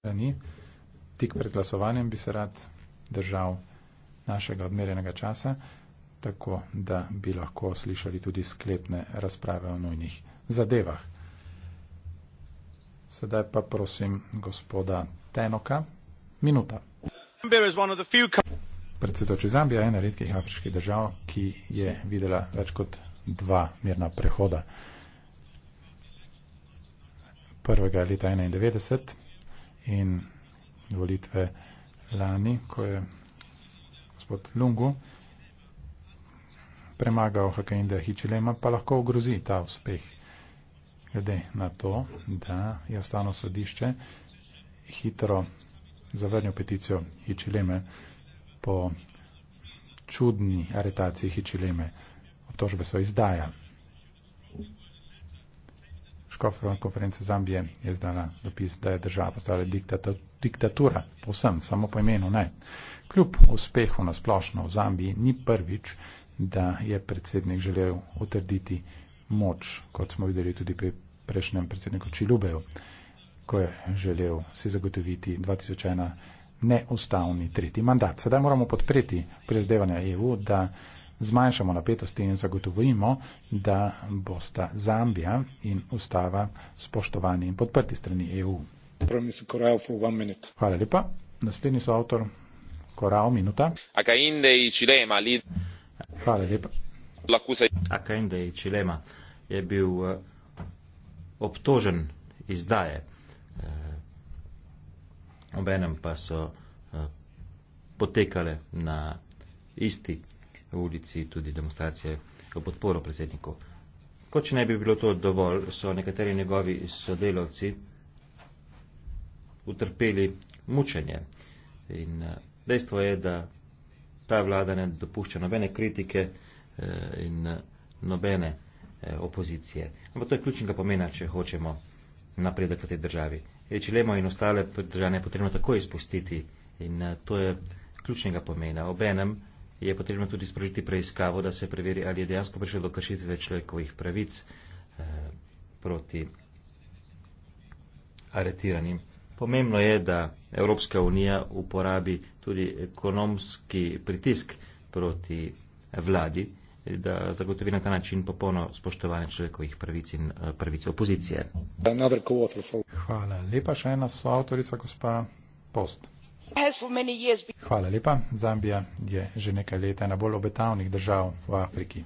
strani. Tik pred glasovanjem bi se rad držal našega odmerjenega časa, tako da bi lahko slišali tudi sklepne razprave o nujnih zadevah. Sedaj pa prosim gospoda Tenoka. Minuta. Predsedoči Zambija je ena redkih afriških držav, ki je videla več kot dva mirna prehoda. Prvega leta 1991 in volitve lani, ko je gospod Lungu premagal Hakainda Hičilema, pa lahko ogrozi ta uspeh. Glede na to, da je ostano sodišče hitro zavrnil peticijo Hičileme po čudni aretaciji Hičileme. Obtožbe so izdajali. Škof konference Zambije je zdala dopis, da je država postala diktata, diktatura, povsem, samo po imenu ne. Kljub uspehu na splošno v Zambiji ni prvič, da je predsednik želel utrditi moč, kot smo videli tudi pri prejšnjem predsedniku Čilubeju, ko je želel si zagotoviti 2001 neustavni tretji mandat. Sedaj moramo podpreti prezdevanja EU, da zmanjšamo napetosti in zagotovimo, da bosta Zambija in ustava spoštovani in podprti strani EU. Hvala lepa. Naslednji so avtor Koral Minuta. Hvala lepa. Akainde Čilema je bil eh, obtožen izdaje. Eh, obenem pa so eh, potekale na isti ulici tudi demonstracije v podporo predsedniku. Kot če ne bi bilo to dovolj, so nekateri njegovi sodelavci utrpeli mučenje. In eh, dejstvo je, da ta vlada ne dopušča nobene kritike eh, in eh, nobene opozicije. Ampak to je ključnega pomena, če hočemo napredek v tej državi. Ečilemo in ostale države je potrebno tako izpustiti in to je ključnega pomena. Obenem enem je potrebno tudi sprožiti preiskavo, da se preveri, ali je dejansko prišlo do kršitve človekovih pravic eh, proti aretiranim. Pomembno je, da Evropska unija uporabi tudi ekonomski pritisk proti vladi, da zagotovi na ta način popolno spoštovanje človekovih pravic in eh, pravic opozicije. Hvala lepa, še ena soavtorica, gospa Post. Hvala lepa. Zambija je že nekaj let ena bolj obetavnih držav v Afriki.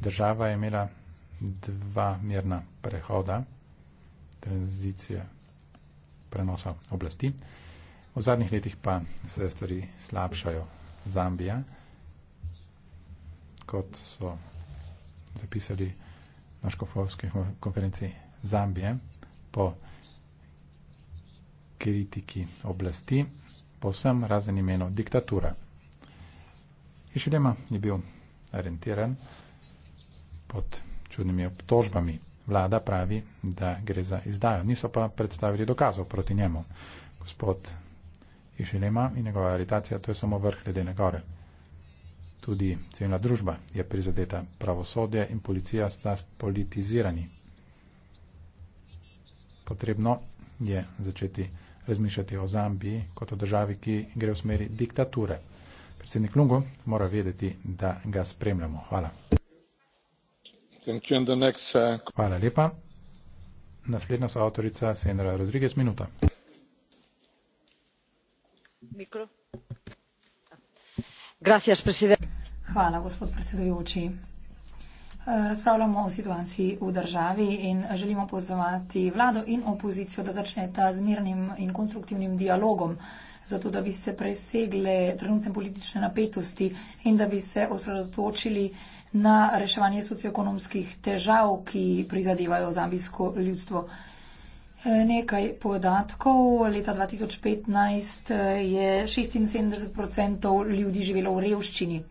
Država je imela dva mirna prehoda, tranzicije prenosa oblasti. V zadnjih letih pa se stvari slabšajo. Zambija, kot so zapisali na škofovski konferenci Zambije, po kritiki oblasti, povsem razen imenu diktatura. Hišilema je bil orientiran pod čudnimi obtožbami. Vlada pravi, da gre za izdajo, niso pa predstavili dokazov proti njemu. Gospod Hišilema in njegova aritacija, to je samo vrh ledene gore. Tudi celna družba je prizadeta, pravosodje in policija sta politizirani. Potrebno je začeti razmišljati o Zambiji kot o državi, ki gre v smeri diktature. Predsednik Lungo mora vedeti, da ga spremljamo. Hvala. Uh, Hvala lepa. Naslednja so avtorica Senra Rodriguez, minuta. Mikro. Gracias, Hvala, gospod predsedujoči. Razpravljamo o situaciji v državi in želimo pozvati vlado in opozicijo, da začneta z mirnim in konstruktivnim dialogom, zato da bi se presegle trenutne politične napetosti in da bi se osredotočili na reševanje socioekonomskih težav, ki prizadevajo zambijsko ljudstvo. Nekaj podatkov. Leta 2015 je 76% ljudi živelo v revščini.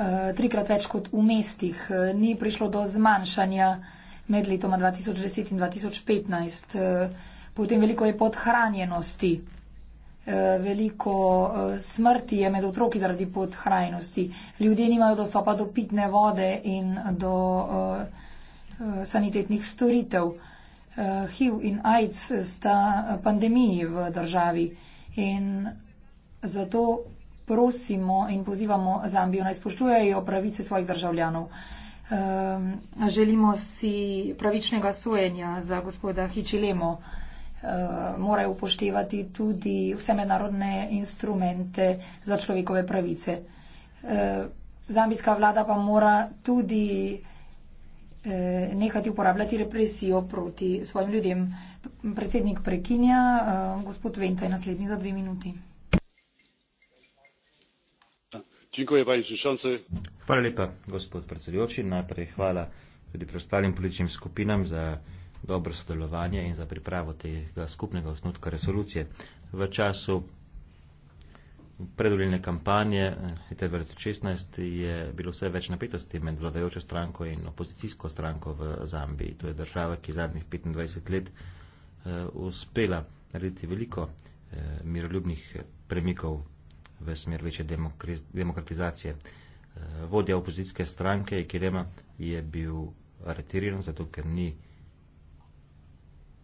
Eh, trikrat več kot v mestih. Eh, ni prišlo do zmanjšanja med letoma 2010 in 2015. Eh, potem veliko je podhranjenosti. Veliko smrti je med otroki zaradi podhranjenosti. Ljudje nimajo dostopa do pitne vode in do sanitetnih storitev. HIV in AIDS sta pandemiji v državi in zato prosimo in pozivamo Zambijo, naj spoštujejo pravice svojih državljanov. Um, želimo si pravičnega sojenja za gospoda Hičilemo. Ehm, morajo upoštevati tudi vse mednarodne instrumente za človekove pravice. Ehm, zambijska vlada pa mora tudi nehati uporabljati represijo proti svojim ljudem. Predsednik prekinja, gospod Venta je naslednji za dve minuti. Hvala lepa, gospod predsedujoči. Najprej hvala tudi preostalim političnim skupinam za dobro sodelovanje in za pripravo tega skupnega osnutka resolucije. V času predvoljene kampanje 2016 eh, je bilo vse več napetosti med vladajočo stranko in opozicijsko stranko v Zambiji. To je država, ki je zadnjih 25 let uh, uspela narediti veliko uh, miroljubnih premikov v smer večje demokratizacije. Eh, vodja opozicijske stranke Ekirema je bil aretiran, zato ker ni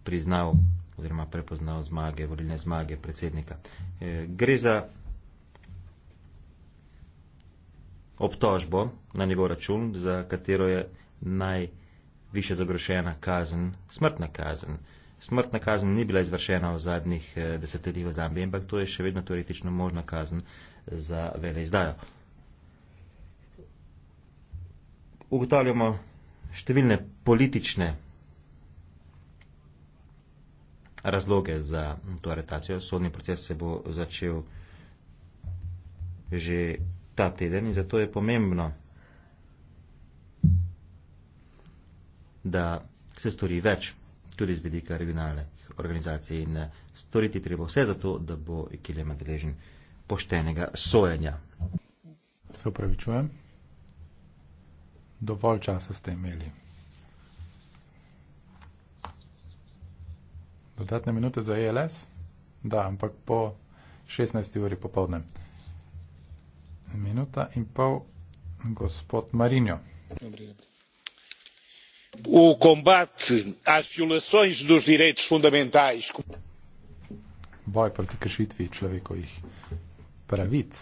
priznal oziroma prepoznal zmage, volilne zmage predsednika. Eh, gre za obtožbo na njegov račun, za katero je najviše zagrošena kazen, smrtna kazen smrtna kazen ni bila izvršena v zadnjih eh, desetletjih v Zambiji, ampak to je še vedno teoretično možna kazen za vele izdajo. Ugotavljamo številne politične razloge za to aretacijo. Sodni proces se bo začel že ta teden in zato je pomembno, da se stori več tudi z vidika regionalne organizacije in eh, storiti treba vse za to, da bo Kilema deležen poštenega sojenja. Se upravičujem. Dovolj časa ste imeli. Dodatne minute za ELS? Da, ampak po 16. uri popovdne. Minuta in pol, gospod Marinjo. Dobre, dobre o combate às violações dos direitos fundamentais. Boj proti kršitvi človekovih pravic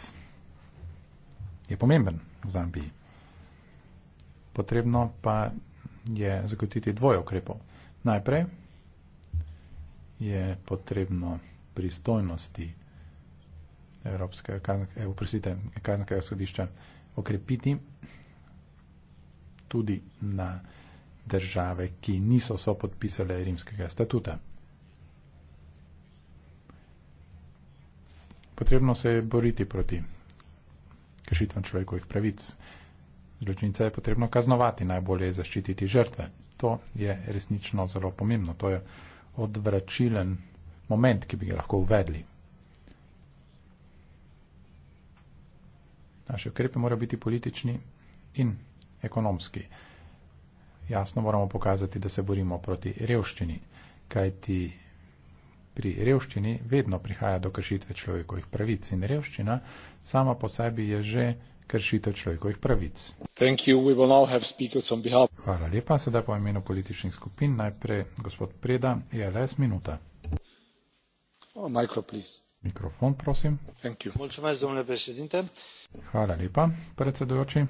je pomemben v Zambiji. Potrebno pa je zagotoviti dvoje ukrepov. Najprej je potrebno pristojnosti Evropskega kazenskega eh, sodišča okrepiti tudi na države, ki niso sopodpisale rimskega statuta. Potrebno se je boriti proti kršitvam človekovih pravic. Zločince je potrebno kaznovati, najbolje je zaščititi žrtve. To je resnično zelo pomembno. To je odvračilen moment, ki bi ga lahko uvedli. Naše ukrepe morajo biti politični in ekonomski jasno moramo pokazati, da se borimo proti revščini, kajti pri revščini vedno prihaja do kršitve človekovih pravic in revščina sama po sebi je že kršitev človekovih pravic. Hvala lepa, sedaj po imenu političnih skupin najprej gospod Preda, ELS minuta. Oh, Mikrofon, prosim. Hvala lepa, predsedujoči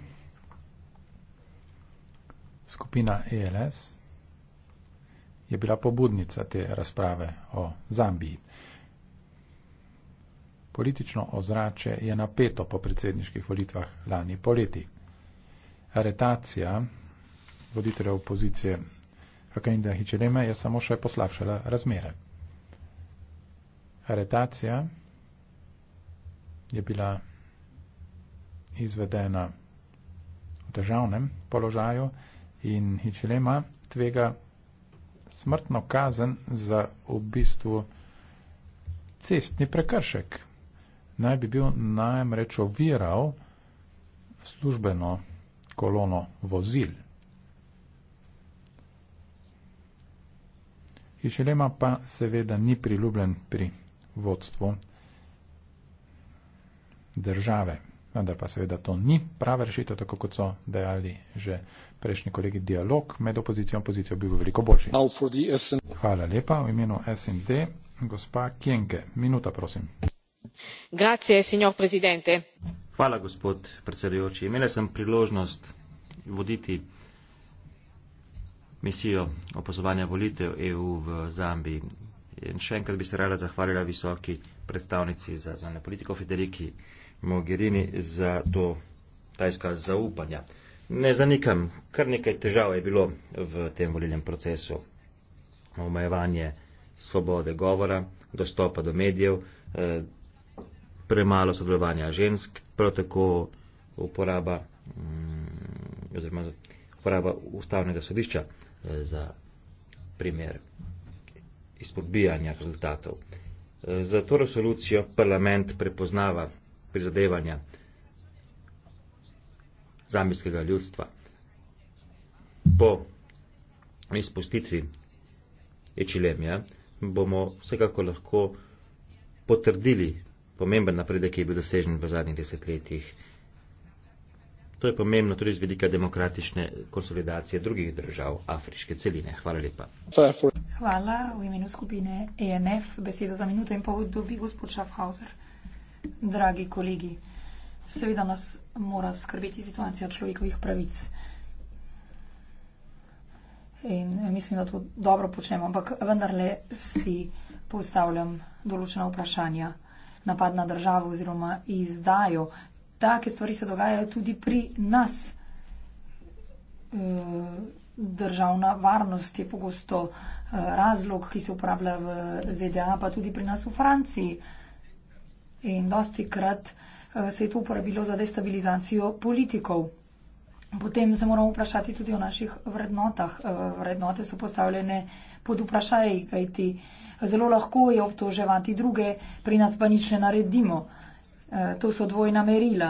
skupina ELS je bila pobudnica te razprave o Zambiji. Politično ozrače je napeto po predsedniških volitvah lani poleti. Aretacija voditelja opozicije Hakainda Hichilema je samo še poslabšala razmere. Aretacija je bila izvedena v državnem položaju, In Hičilema tvega smrtno kazen za v bistvu cestni prekršek. Naj bi bil najmreč oviral službeno kolono vozil. Hičilema pa seveda ni priljubljen pri vodstvu države vendar pa seveda to ni prava rešitev, tako kot so dejali že prejšnji kolegi, dialog med opozicijo in opozicijo bi bil veliko boljši. Hvala lepa v imenu SND. Gospa Kienke, minuta prosim. Grazie, signor presidente. Hvala, gospod predsedujoči. Imela sem priložnost voditi misijo opazovanja volitev EU v Zambiji. In še enkrat bi se rada zahvalila visoki predstavnici za zunanje politiko Federiki Mogherini za to, ta izkaz zaupanja. Ne zanikam, kar nekaj težav je bilo v tem volilnem procesu. Omejevanje svobode govora, dostopa do medijev, eh, premalo sodelovanja žensk, prav tako uporaba, mm, oziroma uporaba ustavnega sodišča eh, za primer izpodbijanja rezultatov. Eh, za to resolucijo parlament prepoznava prizadevanja zambijskega ljudstva. Po izpustitvi Ečilemija bomo vsekako lahko potrdili pomemben napredek, ki je bil dosežen v zadnjih desetletjih. To je pomembno tudi z vidika demokratične konsolidacije drugih držav afriške celine. Hvala lepa. Hvala v imenu skupine ENF. Besedo za minuto in pol dobi gospod Schaffhauser. Dragi kolegi, seveda nas mora skrbeti situacija človekovih pravic. In eh, mislim, da to dobro počnemo, ampak vendarle si postavljam določena vprašanja. Napad na državo oziroma izdajo. Take stvari se dogajajo tudi pri nas. Eh, državna varnost je pogosto eh, razlog, ki se uporablja v ZDA, pa tudi pri nas v Franciji in dosti krat eh, se je to uporabilo za destabilizacijo politikov. Potem se moramo vprašati tudi o naših vrednotah. Eh, vrednote so postavljene pod vprašaj, kajti eh, zelo lahko je obtoževati druge, pri nas pa nič ne naredimo. To so dvojna merila.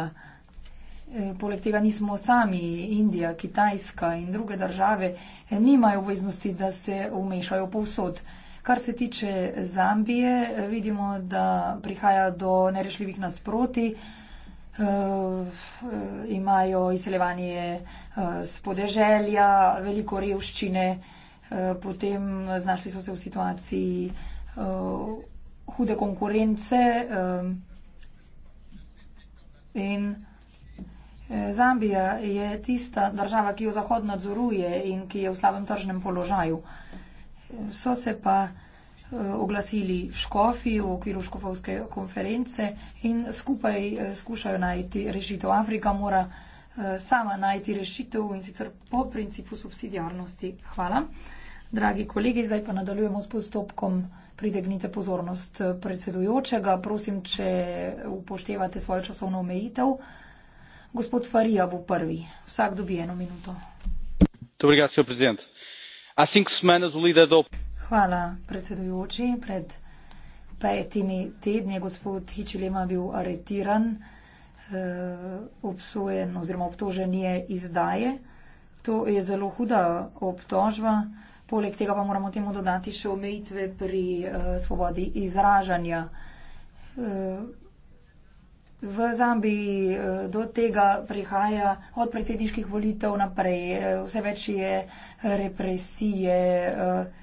Poleg tega nismo sami, Indija, Kitajska in druge države nimajo obveznosti, da se umešajo povsod. Kar se tiče Zambije, vidimo, da prihaja do nerešljivih nasproti. Eh, imajo izseljevanje eh, spodeželja, veliko revščine, eh, potem znašli so se v situaciji hude konkurence. In Zambija je tista država, ki jo zahod nadzoruje in ki je v slabem tržnem položaju so se pa eh, oglasili v Škofi v okviru Škofovske konference in skupaj eh, skušajo najti rešitev. Afrika mora eh, sama najti rešitev in sicer po principu subsidijarnosti. Hvala. Dragi kolegi, zdaj pa nadaljujemo s postopkom. Pridegnite pozornost predsedujočega. Prosim, če upoštevate svojo časovno omejitev. Gospod Farija bo prvi. Vsak dobi eno minuto. Obrigado, senhor presidente. Há cinco semanas o líder do. Hvala, predsedujoči. Pred petimi tedni je gospod Hičilema bil aretiran, eh, obsojen oziroma obtožen je izdaje. To je zelo huda obtožba. Poleg tega pa moramo temu dodati še omejitve pri eh, svobodi izražanja. Eh, V Zambiji eh, do tega prihaja od predsedniških volitev naprej. Eh, vse več je represije, eh,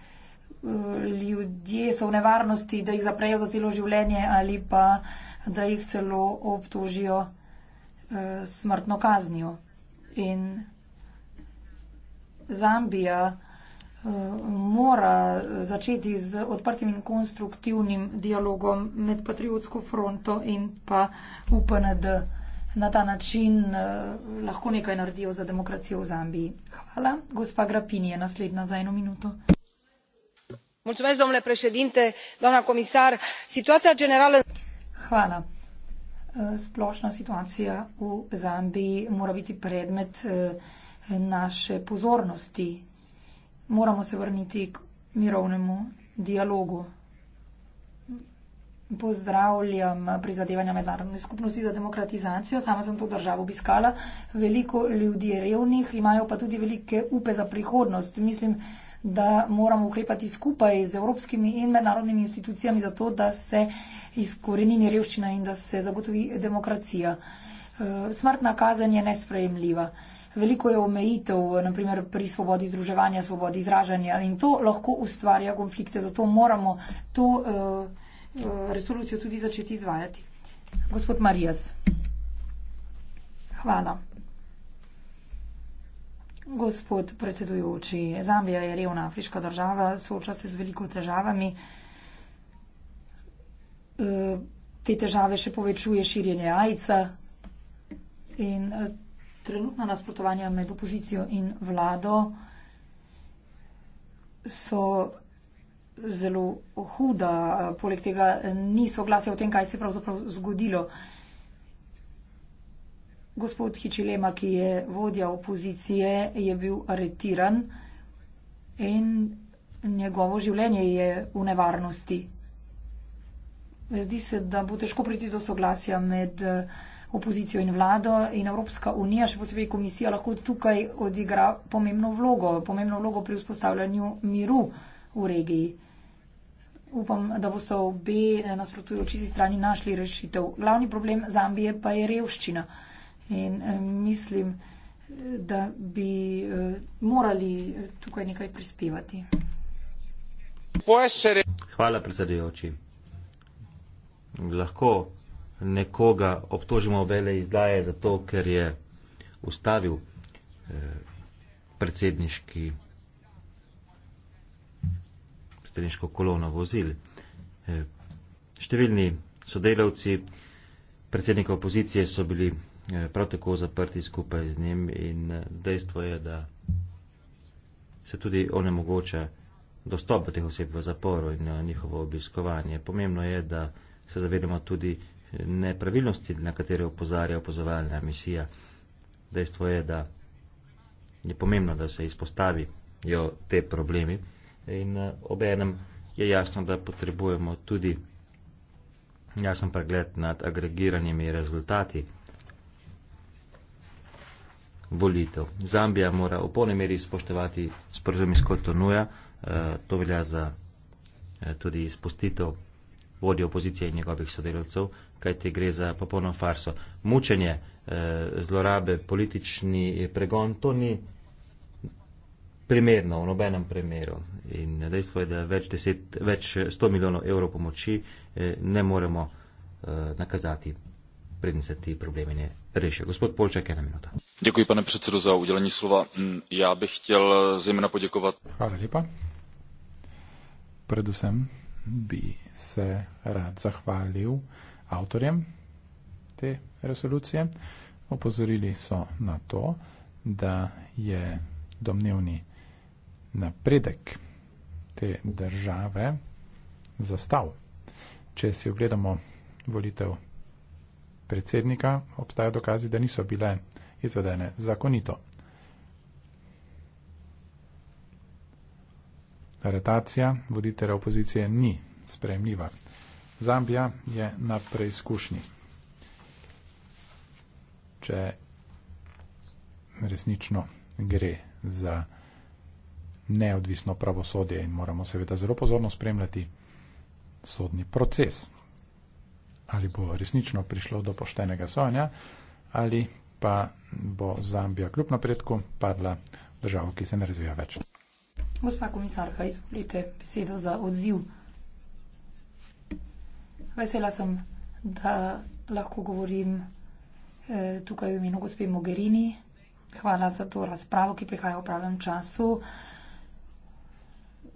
ljudje so v nevarnosti, da jih zaprejo za celo življenje ali pa da jih celo obtožijo smrtno kaznijo. In Zambija mora začeti z odprtim in konstruktivnim dialogom med patriotsko fronto in pa UPND. Na ta način eh, lahko nekaj naredijo za demokracijo v Zambiji. Hvala. Gospa Grapini je naslednja za eno minuto. Hvala. Eh, splošna situacija v Zambiji mora biti predmet eh, naše pozornosti moramo se vrniti k mirovnemu dialogu. Pozdravljam prizadevanja mednarodne skupnosti za demokratizacijo. Sama sem to državo obiskala. Veliko ljudi je revnih, imajo pa tudi velike upe za prihodnost. Mislim, da moramo ukrepati skupaj z evropskimi in mednarodnimi institucijami za to, da se izkorenini revščina in da se zagotovi demokracija. Eh, smrtna kazen je nesprejemljiva veliko je omejitev, naprimer pri svobodi združevanja, svobodi izražanja in to lahko ustvarja konflikte, zato moramo to uh, resolucijo tudi začeti izvajati. Gospod Marijas. Hvala. Gospod predsedujoči, Zambija je revna afriška država, sooča se z veliko težavami. Eh, te težave še povečuje širjenje AIDS-a in Trenutna nasprotovanja med opozicijo in vlado so zelo huda. Poleg tega ni soglasja o tem, kaj se je pravzaprav zgodilo. Gospod Hičilema, ki je vodja opozicije, je bil aretiran in njegovo življenje je v nevarnosti. Zdi se, da bo težko priti do soglasja med. Uh, opozicijo in vlado in Evropska unija, še posebej komisija, lahko tukaj odigra pomembno vlogo, pomembno vlogo pri vzpostavljanju miru v regiji. Upam, da boste obe nasprotujoči si strani našli rešitev. Glavni problem Zambije pa je revščina. In eh, mislim, da bi eh, morali eh, tukaj nekaj prispevati. Hvala, predsedujoči. Lahko nekoga obtožimo vele izdaje zato, ker je ustavil eh, predsedniški predsedniško kolono vozil. Eh, številni sodelavci predsednika opozicije so bili eh, prav tako zaprti skupaj z njim in dejstvo je, da se tudi onemogoča dostop teh oseb v zaporu in njihovo obiskovanje. Pomembno je, da se zavedamo tudi nepravilnosti, na katere opozarja opozovalna emisija. Dejstvo je, da je pomembno, da se izpostavijo te problemi in eh, ob enem je jasno, da potrebujemo tudi jasen pregled nad agregiranimi rezultati volitev. Zambija mora v polni meri spoštovati sporozum iz Kotonuja, eh, to velja za eh, tudi izpustitev vodje opozicije in njegovih sodelavcev, kajti gre za popolno farso. Mučenje, eh, zlorabe, politični pregon, to ni primerno v nobenem primeru. In dejstvo je, da več, deset, več 100 milijonov evrov pomoči eh, ne moremo eh, nakazati preden se ty problémy neřeší. Gospod Polček, jedna minuta. Děkuji, pane předsedo, za udělení slova. Hm, já bych chtěl zejména poděkovat... Hvala lepa. Predusem bi se rad zahvalil avtorjem te resolucije. Opozorili so na to, da je domnevni napredek te države zastav. Če si ogledamo volitev predsednika, obstajajo dokazi, da niso bile izvedene zakonito. Aretacija voditelja opozicije ni spremljiva. Zambija je na preizkušnji. Če resnično gre za neodvisno pravosodje in moramo seveda zelo pozorno spremljati sodni proces. Ali bo resnično prišlo do poštenega sojenja ali pa bo Zambija kljub napredku padla državo, ki se ne razvija več. Gospa komisarka, izvolite besedo za odziv. Vesela sem, da lahko govorim eh, tukaj v imenu gospe Mogherini. Hvala za to razpravo, ki prihaja v pravem času.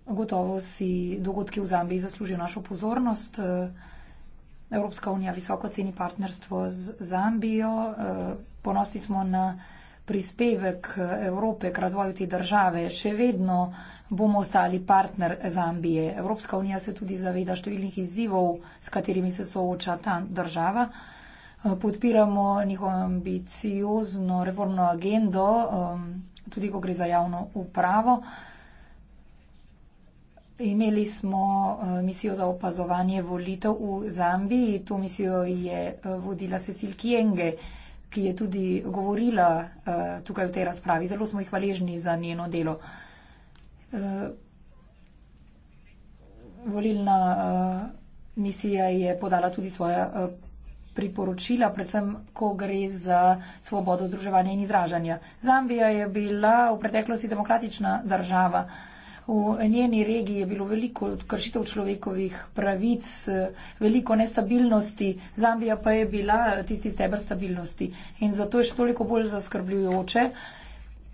Gotovo si dogodki v Zambiji zaslužijo našo pozornost. Evropska unija visoko ceni partnerstvo z Zambijo. Eh, ponosni smo na prispevek Evrope k razvoju te države, še vedno bomo ostali partner Zambije. Evropska unija se tudi zaveda številnih izzivov, s katerimi se sooča ta država. Podpiramo njihovo ambiciozno reformno agendo, um, tudi ko gre za javno upravo. Imeli smo uh, misijo za opazovanje volitev v Zambiji. To misijo je uh, vodila Cecil Kienge ki je tudi govorila uh, tukaj v tej razpravi. Zelo smo jih hvaležni za njeno delo. Uh, volilna uh, misija je podala tudi svoje uh, priporočila, predvsem, ko gre za svobodo združevanja in izražanja. Zambija je bila v preteklosti demokratična država. Uh, V njeni regiji je bilo veliko kršitev človekovih pravic, veliko nestabilnosti, Zambija pa je bila tisti stebr stabilnosti. In zato je še toliko bolj zaskrbljujoče,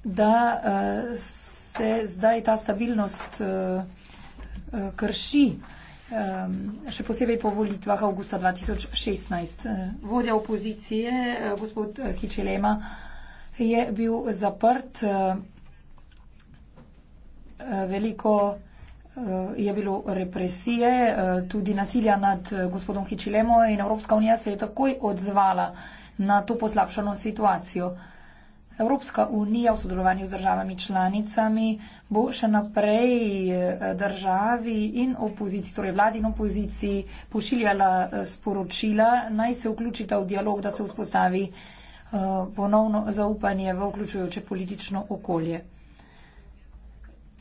da eh, se zdaj ta stabilnost eh, krši, ehm, še posebej po volitvah avgusta 2016. Vodja opozicije, eh, gospod Hičelema, je bil zaprt veliko eh, je bilo represije, eh, tudi nasilja nad eh, gospodom Hičilemo in Evropska unija se je takoj odzvala na to poslabšano situacijo. Evropska unija v sodelovanju z državami članicami bo še naprej državi in opoziciji, torej vladi in opoziciji, pošiljala sporočila, naj se vključita v dialog, da se vzpostavi ponovno zaupanje v vključujoče politično okolje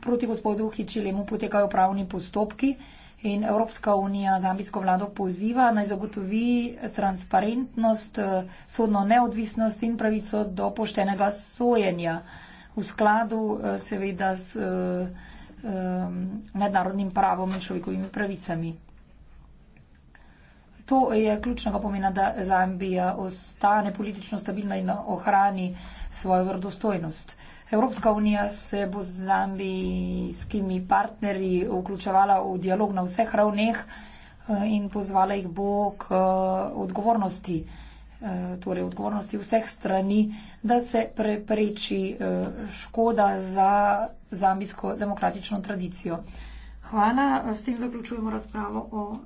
proti gospodu Hičilemu potekajo pravni postopki in Evropska unija zambijsko vlado poziva naj zagotovi transparentnost, sodno neodvisnost in pravico do poštenega sojenja v skladu eh, seveda s eh, mednarodnim pravom in človekovimi pravicami. To je ključnega pomena, da Zambija ostane politično stabilna in ohrani svojo vrdostojnost. Evropska unija se bo z zambijskimi partnerji vključevala v dialog na vseh ravneh eh, in pozvala jih bo k eh, odgovornosti, eh, torej odgovornosti vseh strani, da se prepreči škoda za zambijsko demokratično tradicijo. Hvala, s tem zaključujemo razpravo o